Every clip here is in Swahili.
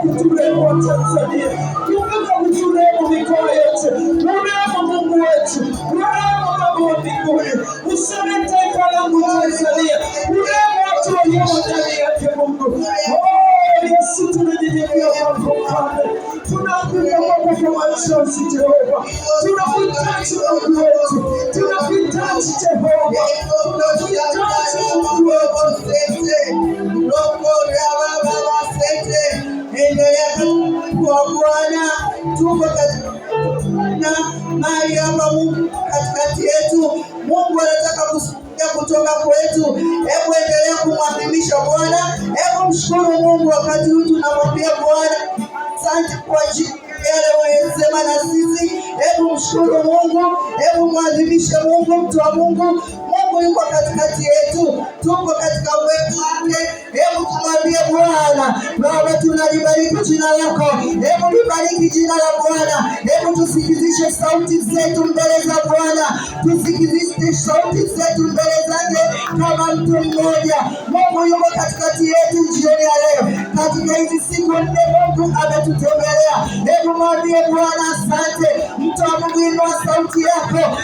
kuturehemu Watanzania, unaweza kuturehemu mikoa yetu, unaweza Mungu wetu, unaweza Baba wa mbinguni, useme taifa langu Tanzania, urehemu watu waliomo ndani yake Mungu. Oh, Yesu, tunanyenyekea kwako Baba, tunakuja kwako kwa machozi Jehova, tunakuhitaji Mungu wa Bwana. Tuko na mali hapa Mungu katikati yetu. Mungu anataka kusikia kutoka kwetu. Hebu endelea kumwadhimisha Bwana, hebu mshukuru Mungu wakati huu tunamwambia Bwana asante kwa yale uliyosema na sisi. Hebu mshukuru Mungu, hebu mwadhimishe Mungu, mtu wa Mungu yuko katikati yetu, tuko katika uwepo wake. Hebu tumwambie Bwana, Baba tunalibariki jina lako, hebu libariki jina la Bwana, hebu tusikizishe sauti zetu mbele za Bwana, tusikizishe sauti zetu mbele zake kama mtu mmoja. Mungu yuko katikati yetu jioni ya leo, katika hizi siku nne Mungu ametutembelea. Hebu mwambie Bwana asante. Mtu wa Mungu, inua sauti yako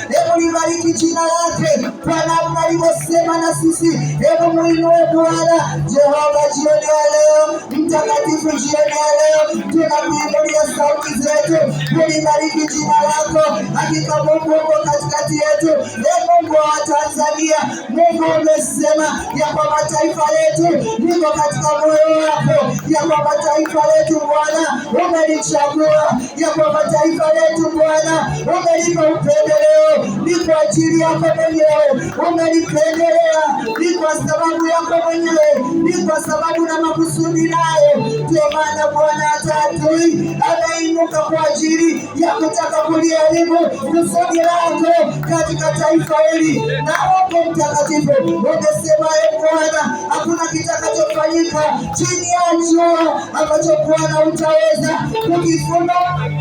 bariki jina lake kwa namna alivyosema na sisi. Hebu muinue Bwana Jehova jioni ya leo, Mtakatifu jioni ya leo, tunakuinulia sauti zetu kulibariki jina lako. Hakika Mungu uko katikati yetu, e Mungu wa Tanzania kuambia Mungu umesema ya kwa taifa letu niko katika moyo wako, ya kwa taifa letu Bwana umelichagua, ya kwa taifa letu Bwana umenipa upendeleo, ni kwa ajili yako mwenyewe umelipendelea, ni kwa sababu yako mwenyewe, ni kwa sababu na makusudi nayo. Ndio maana Bwana atatui ameinuka kwa ajili ya kutaka kuliaribu kusudi lako katika taifa hili. Na Roho Mtakatifu umesema, e ee Bwana, hakuna kitakachofanyika chini ya jua ambacho Bwana utaweza kukifuma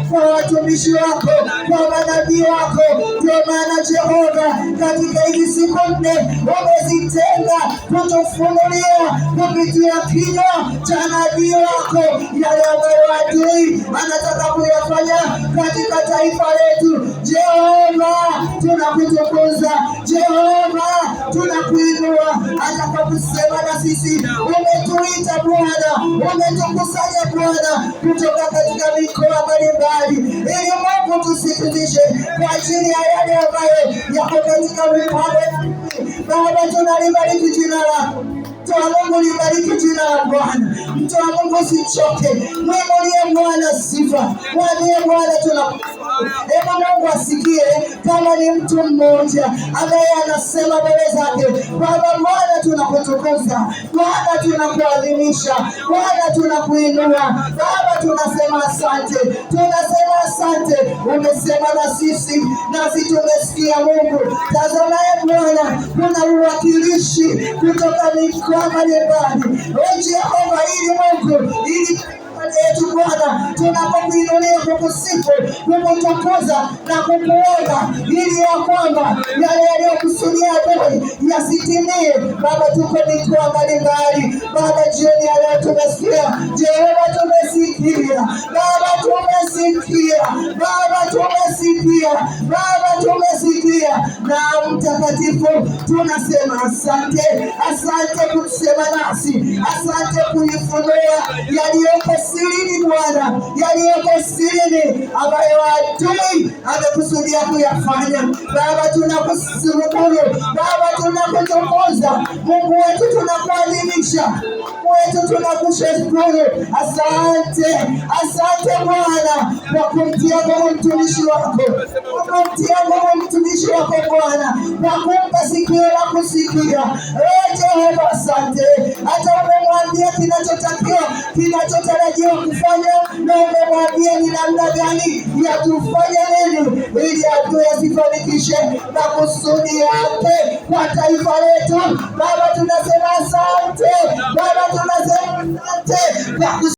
kwa watumishi wako, kwa manabii wako. Ndio maana Jehova, katika hizi siku nne umezitenga kutufunulia kupitia kinywa cha nabii wako yale ambayo adui anataka kuyafanya katika taifa letu. Jehova, tunakutukuza Jehova, tunakuinua atakaposema na sisi wametuita Bwana, wametukusanya Bwana kutoka katika mikoa mbalimbali, ili Mungu tusikitishe kwa ajili ya yale ambayo yako katika mipango Baba. Tunalibariki jina lako mtu wa Mungu, libariki jina la Bwana. Mtu wa Mungu, usichoke, mwimulie Bwana sifa, mwambie Bwana tuna Ema Mungu asikie, kama ni mtu mmoja ambaye anasema mbele zake, Baba Bwana, tunakutukuza Bwana, tunakuadhimisha Bwana, tunakuinua Baba, tunasema asante, tunasema asante. Umesema na sisi nasi tumesikia Mungu. Tazama e Bwana, kuna uwakilishi kutoka mikoa mbalimbali, Jehova ili Mungu ili mbele yetu Bwana, tunapokuinulia kukusifu, kukutukuza na kukuona ili ya kwamba yale yaliyokusudia wewe yasitimie. Baba, tuko mikoa mbalimbali Baba, jioni ya leo tumesikia, Jehova, tumesikia tumesikia Baba, tumesikia Baba, tumesikia na Mtakatifu, tunasema asante, asante kusema nasi, asante kuifunua yaliyoko sirini, Bwana, yaliyoko sirini ambayo adui amekusudia kuyafanya. Baba, tunakushukuru Baba, tunakutukuza Mungu wetu, tunakuadhimisha Mungu wetu, tunakushukuru. Asante, asante na kumtia Bwana mtumishi wako, kumtia Bwana mtumishi wako Bwana, na kumpa sikio la kusikia. E Jehova, asante. Hata umemwambia kinachotakiwa kinachotarajiwa kufanya, na umemwambia ni namna gani ya tufanye nini ili atue asifanikishe na kusudi yake kwa taifa letu. Baba tunasema asante, Baba tunasema asante.